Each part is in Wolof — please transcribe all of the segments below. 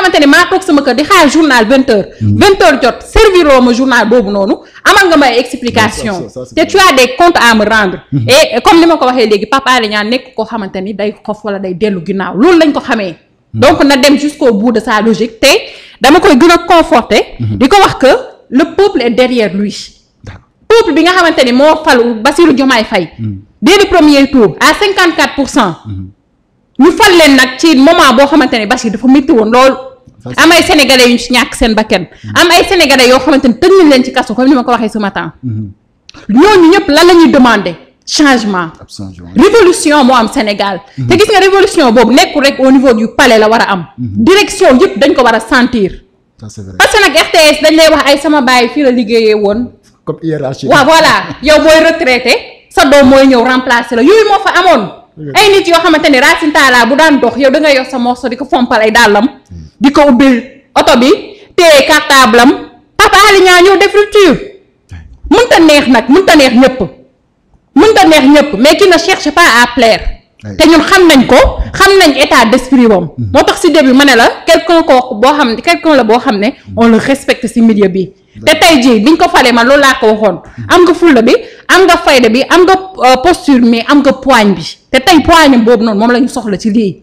xamante ne maa toog sama kër di xaar journal vingt heures mm. jot serviroo ma journal boobu noonu amal nga may explication te tu as à me rendre mm-hmm. comme ni ma ko waxee léegi Pape Alé Niang nekk koo xamante ni day xof wala day dellu ginnaaw loolu lañ ko xamee mm-hmm. donc na dem jusqu'au bout de sa logique te dama koy gën a conforter mm-hmm. di ko wax que le peuple est derrière lui peuple bi nga xamante ni moo falu Bassirou Diomaye fay de le premier tour à cinquante quatre pour cent ñu fal leen nag ci moment boo xamante ne Bassirou dafa métti woon am ay sénégalais yu ñu ñàkk seen bakkan am ay sénégalais yoo xamante ni tëj nañ leen ci kaso comme ni ma ko waxee ce matin mm-hmm. ñooñu ñëpp lan la ñuy demander changement révolution moo am Sénégal mm-hmm. te gis nga révolution boobu nekkul rek au niveau yu palais la war a am mm-hmm. direction yëpp dañ ko war a sentir parce que nag RTS dañ lay wax ay sama baay fii la liggéeyee woon comme hiérarchie waaw voilà yow booy retraité sa doom mooy ñëw remplacer la yooyu moo fa amoon ay nit yoo xamante ni Racine Talla bu daan dox yow da ngay yor sa morceau di ko fompal ay dàllam di ko ubbil oto bi te cartable am Papa Alé Niang ñëw def rupture mënut a neex nag mënut a neex ñëpp mënut a neex ñëpp mais qui ne cherche pas à plaire. te ñun xam nañ ko xam nañ état d'esprit moom. Mm. moo tax si début ma ne la quelqu'un ko boo xam ne quelqu'un la boo xam ne mm. on le respecte si milieu bi. te tey jii biñ ko falee ma loolu laa ko waxoon. Mm. am nga fulla bi am nga fayda bi am nga euh, posture mais am nga poigne bi te tey poigne boobu noonu moom lañu soxla ci lii.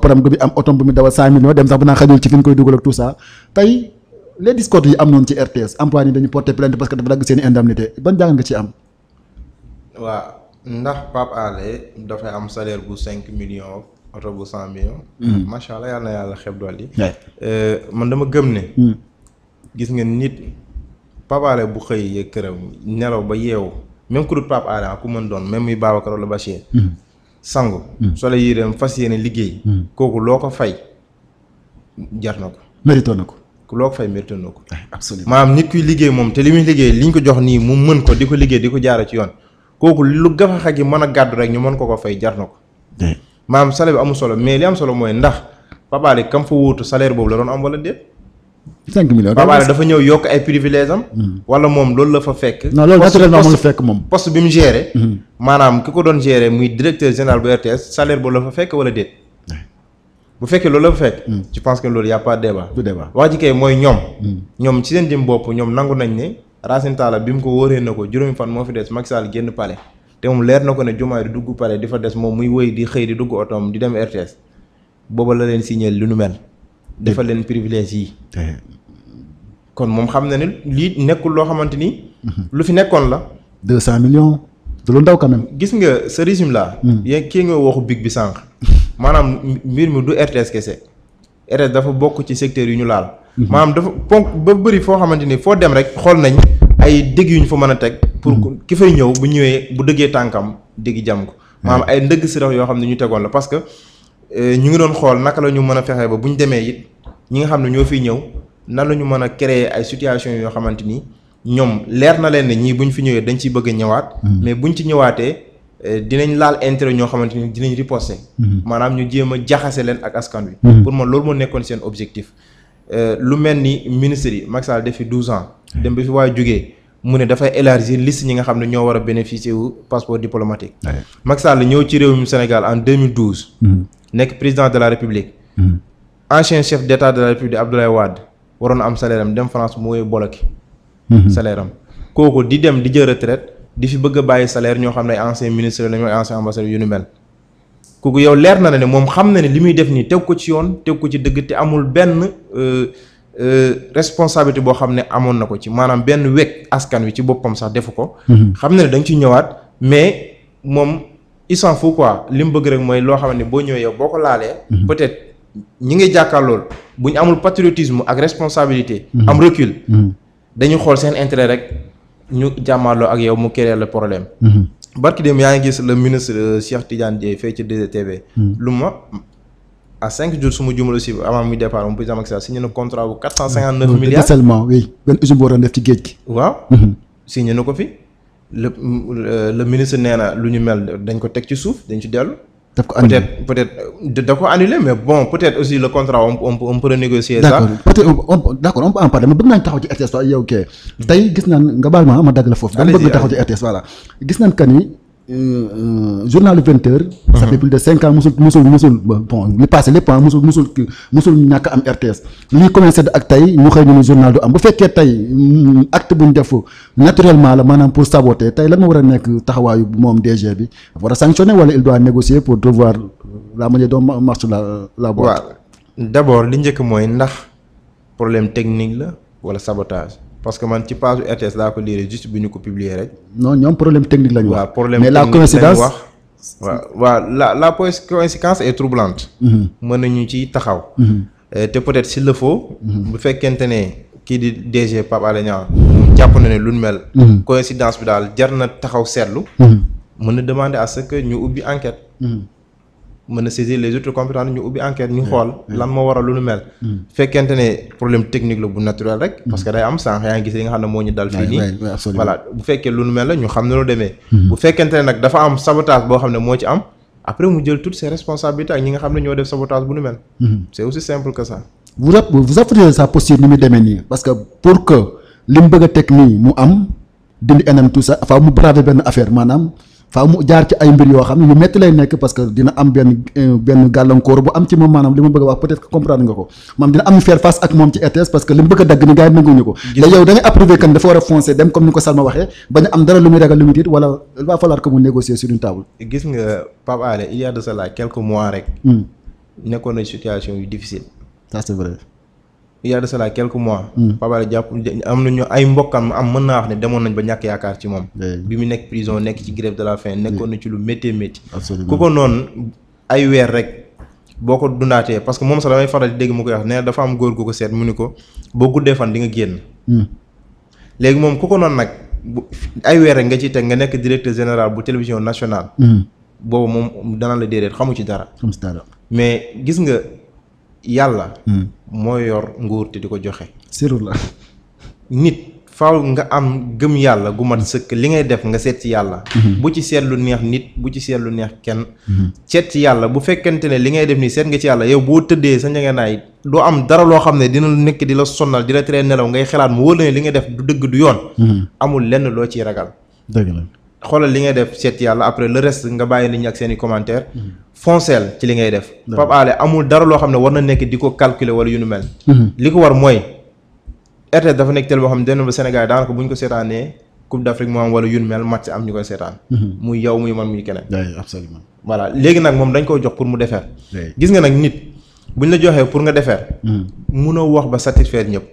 kopparam gu bi am otom bu mu dawal 100 millions dem sax bu naa xajul ci fi ñu koy dugal ak tout ça tey les discours yi am noonu ci RTS employé yi dañu porté plainte parce que dafa dagg seen indemnité ba jàng nga ci am. waaw ndax Pape dafay am salaire bu cinq million oto bu 100 millions. Hmm. macha allah yàlla na yàlla xeb dool yi. Euh, man dama gëm ne. Hmm. gis nga nit Pape bu xëy këram nelaw ba yeewu même ku dul Pape Alé ah mën doon même muy Babacar wala Bachir. Hmm. sangu hmm. solo yii yéreem fas yéene liggéey hmm. kooku loo ko fay jar na ko mérito na ko loo ko fay mérito na ko absolument maanaam nit kuy liggéey moom te li muy liggéey li ñu ko jox nii mu mën ko di ko liggéey di ko jaara ci yoon kooku lu gafaxa gi mën a gàddu rek ñu mën ko ko fay jar na ko maanaam salaire bi amul solo mais li am solo mooy ndax papaale kam fa wutu salaire boobu la doon am wala déet cinq dafa ñëw yokk ay privilèges am hmm. wala moom loolu la fa fekk non loolu fekk moom poste bi mu géré maanaam ki ko doon gérer muy directeur général bu RTS salaire boobu la fa fekk wala déet. bu fekkee loolu la fa fekk. Hmm. je pense que loolu y' a pas de débat. du débat wax ji mooy ñoom. Hmm. ñoom ci seen jëm bopp ñoom nangu nañ ne Racine Talla bi mu ko wóoree na ko juróomi fan moo fi des Macky Sall génn pale te moom leer na ko ne jumaay du dugg palais di fa des moom muy wëy di xëy di dugg otoom di dem RTS booba la leen signaler lu nu mel. defal leen privilège yi. kon moom xam na ne lii nekkul loo xamante ni. Hmm. lu fi nekkoon la. 200 du lu ndaw quand même. gis nga ce régime là. Hmm. yéen kii nga waxu big bi sànq. maanaam mbir mi du RTS kese. RTS dafa bokk ci secteur yu ñu laal. Hmm. maanaam dafa ponk ba bëri foo xamante ni foo dem rek xool nañ ay dégg yu ñu fa mën a teg. pour hmm. ki fay ñëw bu ñëwee bu dëggee tànkam dégg jam ko. maanaam ay ndëgg si yoo xam ne ñu tegoon la parce que euh, ñu ngi doon xool naka la ñu mën a fexee ba bu ñu demee it ñi nga xam ne ñoo fi ñëw nan la ñu mën a créer ay situation yoo xamante ni. ñoom leer na leen ne ñii ñu fi ñëwee dañ ciy bëgg a ñëwaat. Mm-hmm. mais bu ñu ci ñëwaatee eh, dinañ laal intérêt ñoo xamante ni dinañ riposté. Mm-hmm. maanaam ñu jéem a jaxase leen ak askan wi. Mm-hmm. pour ma loolu moo nekkoon seen objectif. Eh, lu mel ni ministre yi Macky def fi 12 ans. dem ba fi waaye jógee mu ne dafay élargir liste ñi nga xam ne ñoo war a bénéficier wu passeport diplomatique. Macky Sall ñëw ci réew réewum Sénégal en 2012. nekk président de la République. ancien chef d' état de l République waroon am salaire am dem France mu woy Mhm. salaire am kooku di dem di jël retraite di fi bëgg a bàyyi salaire ñoo xam ne ay ancien ministre la ñooy ancien ambassadeur yu ni mel kooku yow leer na la ne moom xam na ne li muy def nii teg ko ci yoon teg ko ci dëgg te amul benn euh, euh, responsabilité boo xam ne amoon na ko ci maanaam benn wekk askan wi ci boppam sax defu ko mhm. xam na ne da nga ci ñëwaat mais moom il s'en fout quoi li mu bëgg rek mooy loo xam ne boo ñëwee yow boo ko laalee mhm. peut-être ñi ngay jàkkaarlool bu ñu amul patriotisme ak am recul dañu xool seen intérêt rek ñu jàmmaarloo ak yow mu créer la problème. Mhm. barki dem yaa ngi gis le ministre euh, Cheikh Tidiane Dièye fee ci DGTV. Mhm. lu ma a cinq jours su ma jumal aussi avant muy départ moom président Macky Sall signé na contrat bu quatre cent cinquante neuf mhm. milliards seulement oui benn usine bu waroon ci géej gi. waaw. signé na ko fi le euh, le ministre nee na lu ñu mel dañ ko teg ci suuf dañ ci dellu. daf ko annulé peut être peut être euh, daf ko annulé mais bon peut être aussi le contrat on on peut on peut renégocier ça. d' accord peut être on d' bëgg naa taxaw ci RTS yow kay. Hmm. tey gis naan nga baal ma ma dagg la foofu. dama bëgg taxaw ci RTS voilà. gis naan que ni Euh, euh, journal vingt heures. Ah. ça fait plus de cinq ans musul musul musul bon li passé lépp ah musul musul musul ñàkk am RTS. li ñu ak tey ñu xëy ñu journal du am bu fekkee tey mm, acte bu ñu def naturellement la maanaam pour saboter tey lan moo war a nekk taxawaayu moom DG bi war a sanctionner wala il doit négocier pour devoir la manière dont marche la la boîte. waaw li njëkk mooy ndax problème technique la wala sabotage. parce que man ci page RTS laa ko liiree juste bi ñu ko publier rek. non ñoom problème technique la ñu problème mais la coïncidence wax. waaw waaw la la coïncidence mhm. mën nañu ci taxaw. Mhm. Euh, te peut-être s'il le faut. Mhm. bu fekkente ne kii di DG Pape Alé jàpp na ne lu mel. coïncidence bi daal jar na taxaw seetlu. mën na demander à ce que ñu ubbi enquête. mën a saisir les autres compétents ñu ubbi enquête ñu xool lan moo waral lu nu mel hmm. fekkente ne problème technique la bu naturel rek hmm. parce que day am sànq yaa ngi gis li nga xam ne moo ñu dal fii nii voilà bu fekkee lu nu mel la ñu xam ne lu demee hmm. bu fekkente ne nag dafa am sabotage boo xam ne moo ci am après mu jël toutes ses responsabilités ak ñi nga xam ne ñoo def sabotage bu nu mel c'est aussi simple que ça vous vous sa posture ni mu demee nii faaw mu jaar ci ay mbir yoo xam ne yu metti lay nekk parce que dina am benn euh, benn gàllankoor bu am ci moom li ma bëgg a wax peut-être que comprendre nga ko maanaam dina am ñu faire face ak moom ci ETS parce li mu bëgg a dagg ni gars yi nanguñu ko te yow da ngay approuvé dafa war a foncer dem comme ni ko Salma waxee bañ a am dara lu muy ragal lu muy tiit wala mu négocier sur une table gis nga Pape Alé il y a de mois rek hmm. nekkoon na situation yu difficile ça c'est il y a de cela quelques mois. Mm. Pabal jàpp am nañu ay mbokkam am mën naa wax ne demoon nañ ba ñàkk yaakaar ci moom. bi mu nekk prison nekk ci grève de la fin nekkoon na ci lu méttee métti. ku ko noonu ay weer rek boo ko dundaatee parce que moom sax damay faral di dégg mu koy wax ne dafa am góor gu ko seet mu ni ko boo guddee fan di nga génn. Mm. léegi moom ku ko noon nag bu ay weer rek nga ci teg nga nekk directeur général bu télévision national mm. boobu moom dana la déedéet xamu ci dara. mais gis nga yàlla. moo yor nguur te di ko joxe. sirru la. nit faaw nga am gëm yàlla gu mat sëkk li ngay def nga seet yàlla. Mhm. bu ci seet lu neex nit bu ci seet lu neex kenn. Mhm. seet ci yàlla bu fekkente ne li ngay def nii seet nga ci yàlla yow boo tëddee sa njëgënaay doo am dara loo xam ne dina nekk di la sonnal di la tere nelaw ngay xalaat mu wóor la ne li ngay def du dëgg du yoon. Mhm. amul lenn loo ciy ragal. xoolal li ngay def seet yàlla après le reste nga bàyyi nit ñi ak seen i commentaire mm-hmm. fonceel ci li ngay def Pape Alé amul dara loo xam ne war na nekk di ko calculer wala yu mel mm-hmm. li ko war mooy RTS dafa nekk télé boo xam ne den ba Sénégal daanaka bu ñu ko seetaanee Coupe d'Afrique mu am wala yu nu mel match am ñu koy seetaan mm-hmm. mu yow muy man muy keneen absolument voilà léegi nag moom dañ koy jox pour mu defeer gis nga nag nit bu ñu la joxee pour nga defeer munoo wax ba satisfaire ñëpp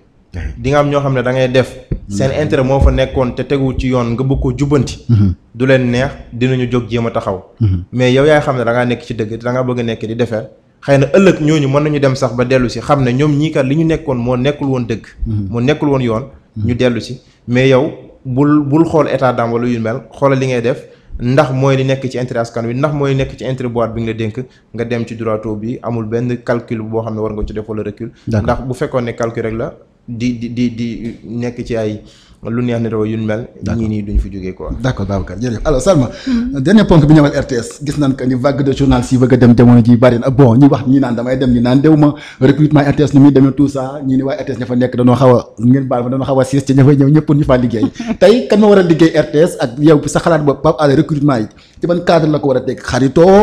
di nga am ñoo xam ne da ngay def seen mm-hmm. intérêt moo fa nekkoon te tegu ci yoon nga bëgg ko jubbanti mm-hmm. du leen neex dinañu jóg jéem a taxaw mm-hmm. mais yow yaay xam ne da ngaa nekk ci dëgg da ngaa bëgg a nekk di defeer xëy na ñooñu mën nañu dem sax ba dellu si xam ne ñoom ñii kat li ñu nekkoon moo nekkul woon dëgg mu nekkul woon yoon ñu dellu si mais yow bul bul xool état d'âme wala yu mel xoolal li ngay def ndax mooy li nekk ci intérêt askan wi ndax mooy nekk ci intérêt boîte bi nga dénk nga dem ci droit bi amul benn calcul boo xam ne war nga ci def wala recul ndax bu fekkoon ne calcul la di di di di nekk ci ay lu neex ne yu mel. ñii nii duñ fi jógee quoi. d' accord Babacar jërëjëf alors Salma. Mhm. Euh, dernier ponk bi ñëwal RTS gis nañ que ni vague de journalistes yi bëgg a dem jamono ji bari na bon naan damay dem ñi naan dew ma recrutement RTS nu muy demee tout ça ñi ni RTS ña fa nekk dañoo xaw ngeen baal ma dañoo siis ci ña fay ñëw ñu faa liggéey tey kan ma war a liggéey RTS ak yow sa xalaat boobu Pape Alé yi ci ban cadre